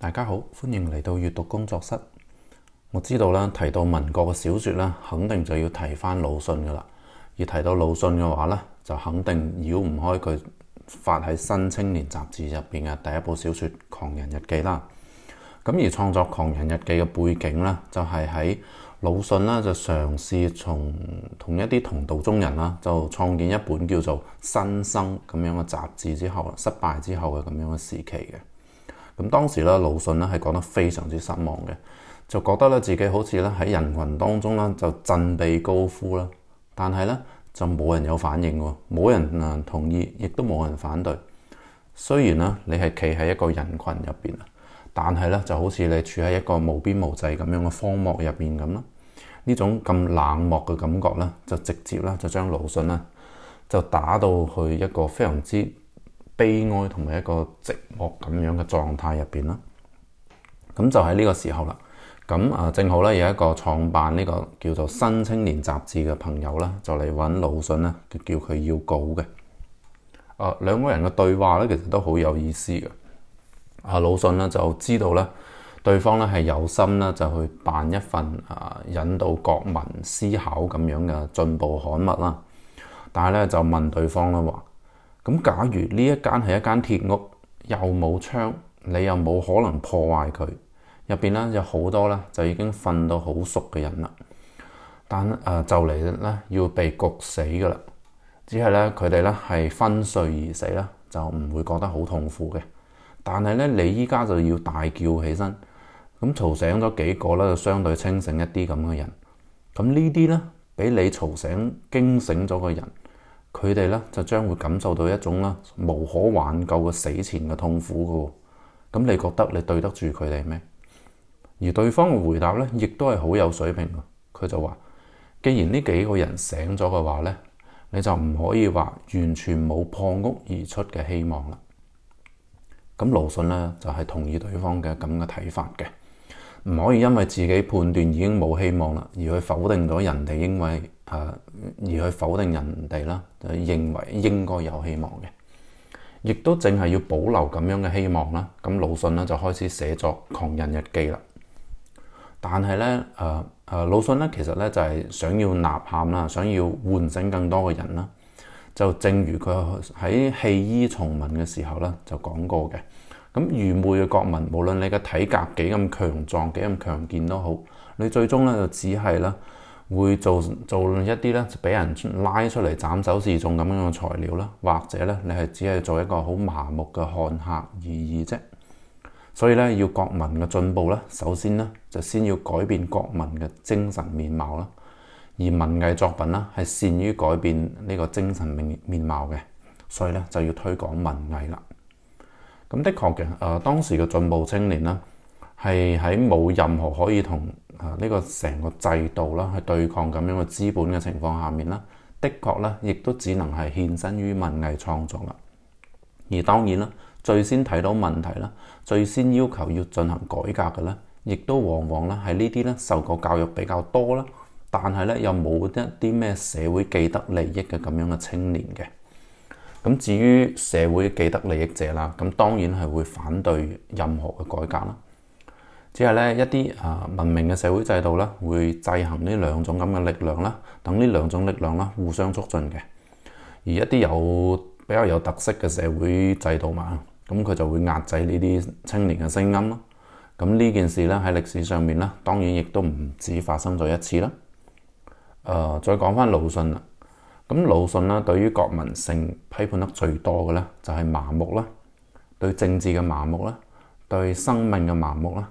大家好，歡迎嚟到閱讀工作室。我知道啦，提到民國嘅小說啦，肯定就要提翻魯迅噶啦。而提到魯迅嘅話呢，就肯定繞唔開佢發喺《新青年》雜誌入邊嘅第一部小說《狂人日記》啦。咁而創作《狂人日記》嘅背景呢，就係喺魯迅呢就嘗試從同一啲同道中人啦，就創建一本叫做《新生》咁樣嘅雜誌之後，失敗之後嘅咁樣嘅時期嘅。咁當時咧，魯迅咧係講得非常之失望嘅，就覺得咧自己好似咧喺人群當中咧就振臂高呼啦，但係咧就冇人有反應喎，冇人啊同意，亦都冇人反對。雖然咧你係企喺一個人群入邊啊，但係咧就好似你處喺一個無邊無際咁樣嘅荒漠入邊咁啦。呢種咁冷漠嘅感覺咧，就直接咧就將魯迅啊就打到去一個非常之～悲哀同埋一個寂寞咁樣嘅狀態入邊啦，咁就喺呢個時候啦，咁啊正好咧有一個創辦呢個叫做《新青年》雜誌嘅朋友咧，就嚟揾魯迅咧，叫佢要稿嘅。誒，兩個人嘅對話咧，其實都好有意思嘅。啊，魯迅咧就知道咧，對方咧係有心咧就去辦一份啊，引導國民思考咁樣嘅進步刊物啦。但係咧就問對方啦話，咁假如呢一間係一間鐵屋，又冇窗，你又冇可能破壞佢入邊咧，面有好多咧就已經瞓到好熟嘅人啦。但誒、呃、就嚟咧要被焗死噶啦，只係咧佢哋咧係昏睡而死啦，就唔會覺得好痛苦嘅。但係咧你依家就要大叫起身，咁吵醒咗幾個咧，就相對清醒一啲咁嘅人。咁呢啲咧俾你吵醒、驚醒咗嘅人。佢哋咧就將會感受到一種咧無可挽救嘅死前嘅痛苦嘅，咁你覺得你對得住佢哋咩？而對方嘅回答咧，亦都係好有水平嘅。佢就話：「既然呢幾個人醒咗嘅話咧，你就唔可以話完全冇破屋而出嘅希望啦。」咁魯迅咧就係、是、同意對方嘅咁嘅睇法嘅，唔可以因為自己判斷已經冇希望啦，而去否定咗人哋，因為。誒而去否定人哋啦，就認為應該有希望嘅，亦都淨係要保留咁樣嘅希望啦。咁魯迅咧就開始寫作《狂人日記》啦。但係咧，誒、啊、誒、啊、魯迅咧其實咧就係、是、想要吶喊啦，想要喚醒更多嘅人啦。就正如佢喺棄醫從文嘅時候咧就講過嘅，咁愚昧嘅國民，無論你嘅體格幾咁強壯、幾咁強健都好，你最終咧就只係啦。會做做一啲咧，就俾人拉出嚟斬首示眾咁樣嘅材料啦，或者咧，你係只係做一個好麻木嘅看客而已啫。所以咧，要國民嘅進步咧，首先咧就先要改變國民嘅精神面貌啦。而文藝作品咧，係善於改變呢個精神面面貌嘅，所以咧就要推廣文藝啦。咁的確嘅，誒、呃、當時嘅進步青年啦。係喺冇任何可以同啊呢個成個制度啦，去對抗咁樣嘅資本嘅情況下面啦，的確咧，亦都只能係獻身於文藝創作啦。而當然啦，最先睇到問題啦，最先要求要進行改革嘅咧，亦都往往咧係呢啲咧受過教育比較多啦，但係咧又冇一啲咩社會既得利益嘅咁樣嘅青年嘅。咁至於社會既得利益者啦，咁當然係會反對任何嘅改革啦。只係咧一啲啊文明嘅社會制度啦，會制衡呢兩種咁嘅力量啦，等呢兩種力量啦互相促進嘅。而一啲有比較有特色嘅社會制度嘛，咁佢就會壓制呢啲青年嘅聲音咯。咁呢件事咧喺歷史上面咧，當然亦都唔止發生咗一次啦。誒、呃，再講翻魯迅啦，咁魯迅咧對於國民性批判得最多嘅咧就係麻木啦，對政治嘅麻木啦，對生命嘅麻木啦。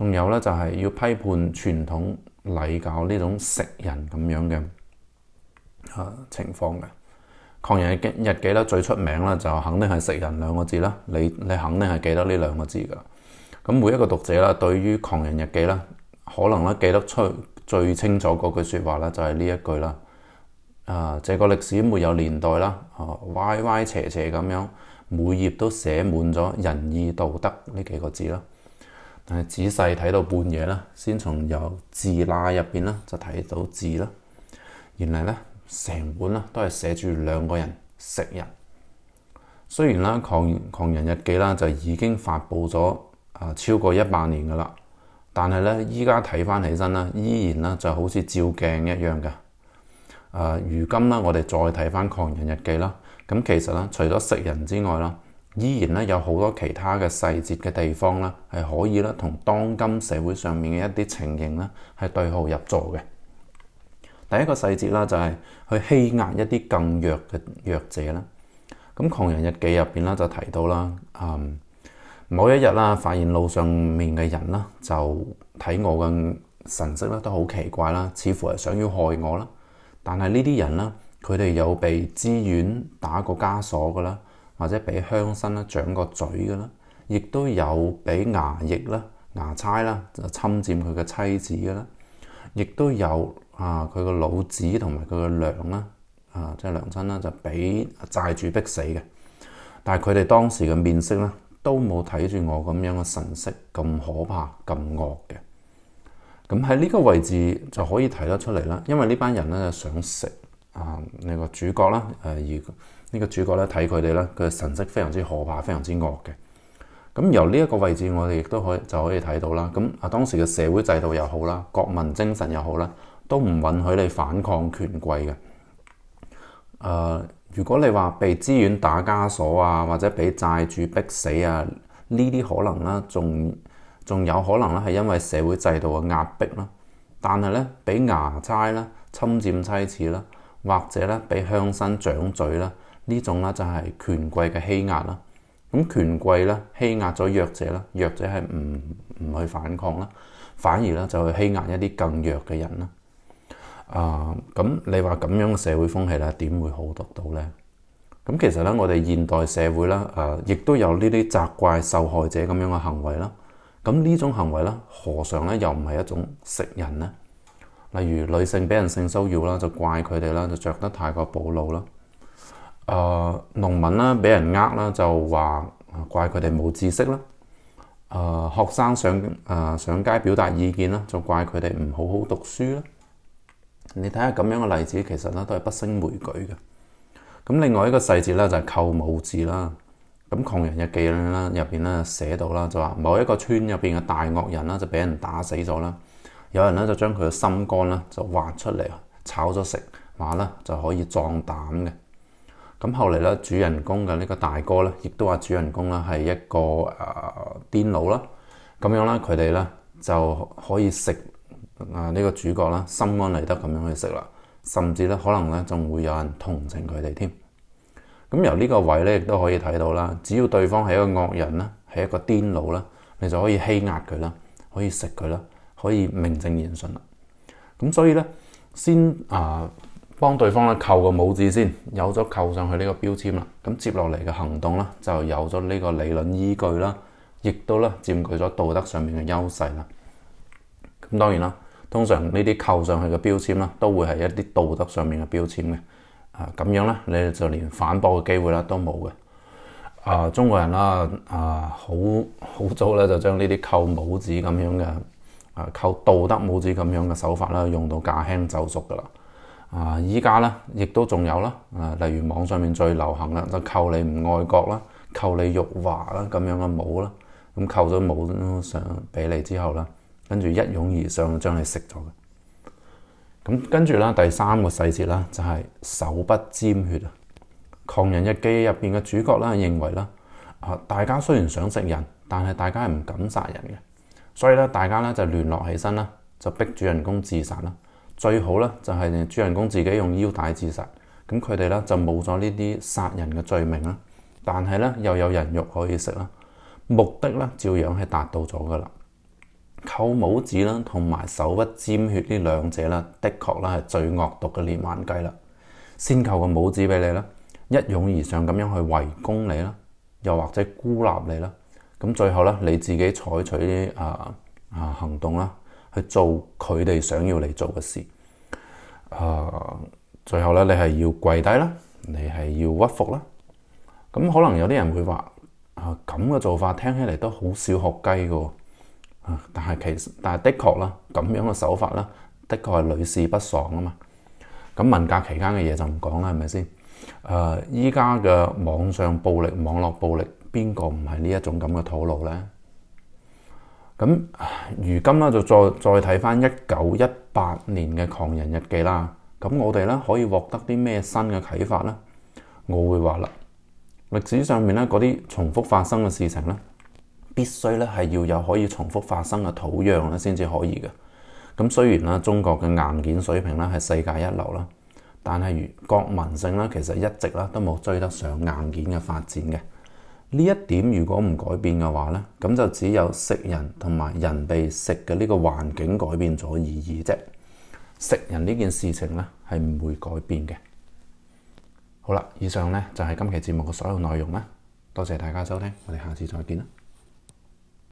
仲有咧，就係要批判傳統禮教呢種食人咁樣嘅情況嘅《狂人日記》啦，最出名啦，就肯定係食人兩個字啦。你你肯定係記得呢兩個字㗎。咁每一個讀者啦，對於《狂人日記》啦，可能咧記得出最清楚嗰句説話啦，就係呢一句啦。啊，這個歷史沒有年代啦，歪歪斜斜咁樣，每頁都寫滿咗仁義道德呢幾個字啦。仔細睇到半夜啦，先從由字罅入邊咧就睇到字啦。原來咧成本啦都係寫住兩個人食人。雖然咧《狂人狂人日記》呢啦就已經發布咗啊、呃、超過一百年噶啦，但係咧依家睇翻起身啦，依然咧就好似照鏡一樣嘅。誒、呃，如今咧我哋再睇翻《狂人日記》啦，咁其實咧除咗食人之外啦。依然咧有好多其他嘅細節嘅地方咧，係可以咧同當今社會上面嘅一啲情形咧係對號入座嘅。第一個細節啦，就係去欺壓一啲更弱嘅弱者啦。咁《狂人日記》入邊咧就提到啦，嗯，某一日啦，發現路上面嘅人啦，就睇我嘅神色咧都好奇怪啦，似乎係想要害我啦。但係呢啲人咧，佢哋有被資源打過枷鎖噶啦。或者俾鄉紳咧掌個嘴嘅啦，亦都有俾牙役啦、牙差啦侵佔佢嘅妻子嘅啦，亦都有啊佢嘅老子同埋佢嘅娘啦啊，即係娘親啦，就俾債主逼死嘅。但係佢哋當時嘅面色咧，都冇睇住我咁樣嘅神色咁可怕、咁惡嘅。咁喺呢個位置就可以睇得出嚟啦，因為呢班人咧就想食啊，你個主角啦誒、啊、而。呢個主角咧睇佢哋咧，佢嘅神色非常之可怕，非常之惡嘅。咁由呢一個位置，我哋亦都可以就可以睇到啦。咁啊，當時嘅社會制度又好啦，國民精神又好啦，都唔允許你反抗權貴嘅。誒、呃，如果你話被資源打枷鎖啊，或者俾債主逼死啊，呢啲可能啦，仲仲有可能啦，係因為社會制度嘅壓迫啦。但係咧，俾衙差啦，侵佔妻子啦，或者咧俾鄉紳掌嘴啦。呢種啦就係權貴嘅欺壓啦，咁權貴咧欺壓咗弱者啦，弱者係唔唔去反抗啦，反而啦就去欺壓一啲更弱嘅人啦。啊、呃，咁你話咁樣嘅社會風氣啦，點會好得到呢？咁其實咧，我哋現代社會啦，啊、呃，亦都有呢啲責怪受害者咁樣嘅行為啦。咁呢種行為咧，何嘗咧又唔係一種食人呢？例如女性俾人性騷擾啦，就怪佢哋啦，就着得太過暴露啦。誒、呃、農民啦，俾人呃啦，就話怪佢哋冇知識啦；誒、呃、學生上誒、呃、上街表達意見啦，就怪佢哋唔好好讀書啦。你睇下咁樣嘅例子，其實咧都係不勝枚舉嘅。咁另外一個細節咧，就係、是、扣帽子啦。咁《窮人嘅日記憶》咧入邊咧寫到啦，就話某一個村入邊嘅大惡人啦，就俾人打死咗啦。有人咧就將佢嘅心肝咧就挖出嚟炒咗食，話咧就可以壯膽嘅。咁後嚟咧，主人公嘅呢個大哥咧，亦都話主人公咧係一個誒癲佬啦。咁、呃、樣啦，佢哋咧就可以食啊呢個主角啦，心安理得咁樣去食啦。甚至咧，可能咧仲會有人同情佢哋添。咁、嗯、由呢個位咧，亦都可以睇到啦。只要對方係一個惡人啦，係一個癲佬啦，你就可以欺壓佢啦，可以食佢啦，可以名正言順啦。咁、嗯、所以咧，先啊。呃幫對方咧扣個帽子先，有咗扣上去呢個標籤啦，咁接落嚟嘅行動啦，就有咗呢個理論依據啦，亦都咧佔據咗道德上面嘅優勢啦。咁當然啦，通常呢啲扣上去嘅標籤啦，都會係一啲道德上面嘅標籤嘅。啊，咁樣咧，你哋就連反駁嘅機會啦都冇嘅。啊，中國人啦，啊好好早咧就將呢啲扣帽子咁樣嘅啊扣道德帽子咁樣嘅手法啦，用到駕輕就熟噶啦。啊！依家咧，亦都仲有啦，啊，例如網上面最流行啦，就扣你唔愛國啦，扣你辱華啦，咁樣嘅帽啦，咁扣咗帽上俾你之後啦，跟住一擁而上將你食咗嘅。咁、啊、跟住咧，第三個細節啦，就係、是、手不沾血啊，《狂人日記》入邊嘅主角啦，認為啦，啊，大家雖然想食人，但係大家係唔敢殺人嘅，所以咧，大家咧就聯絡起身啦，就逼主人公自殺啦。最好咧就係主人公自己用腰帶自殺，咁佢哋咧就冇咗呢啲殺人嘅罪名啦。但係咧又有人肉可以食啦，目的咧照樣係達到咗㗎啦。扣帽子啦，同埋手不沾血呢兩者啦，的確啦係最惡毒嘅連環計啦。先扣個帽子俾你啦，一擁而上咁樣去圍攻你啦，又或者孤立你啦，咁最後咧你自己採取啲啊啊行動啦。去做佢哋想要你做嘅事，啊、呃，最後咧你係要跪低啦，你係要屈服啦。咁可能有啲人會話，啊咁嘅做法聽起嚟都好少學雞嘅、呃，但係其實但係的確啦，咁樣嘅手法啦，的確係屢試不爽啊嘛。咁文革期間嘅嘢就唔講啦，係咪先？誒、呃，依家嘅網上暴力、網絡暴力，邊個唔係呢一種咁嘅套路咧？咁如今咧，就再再睇翻一九一八年嘅《狂人日記》啦。咁我哋咧可以獲得啲咩新嘅啟發呢？我會話啦，歷史上面咧嗰啲重複發生嘅事情咧，必須咧係要有可以重複發生嘅土壤咧先至可以嘅。咁雖然啦，中國嘅硬件水平咧係世界一流啦，但係如國民性咧，其實一直咧都冇追得上硬件嘅發展嘅。呢一點如果唔改變嘅話咧，咁就只有食人同埋人被食嘅呢個環境改變咗而已啫。食人呢件事情咧係唔會改變嘅。好啦，以上咧就係今期節目嘅所有內容啦。多謝大家收聽，我哋下次再見啦。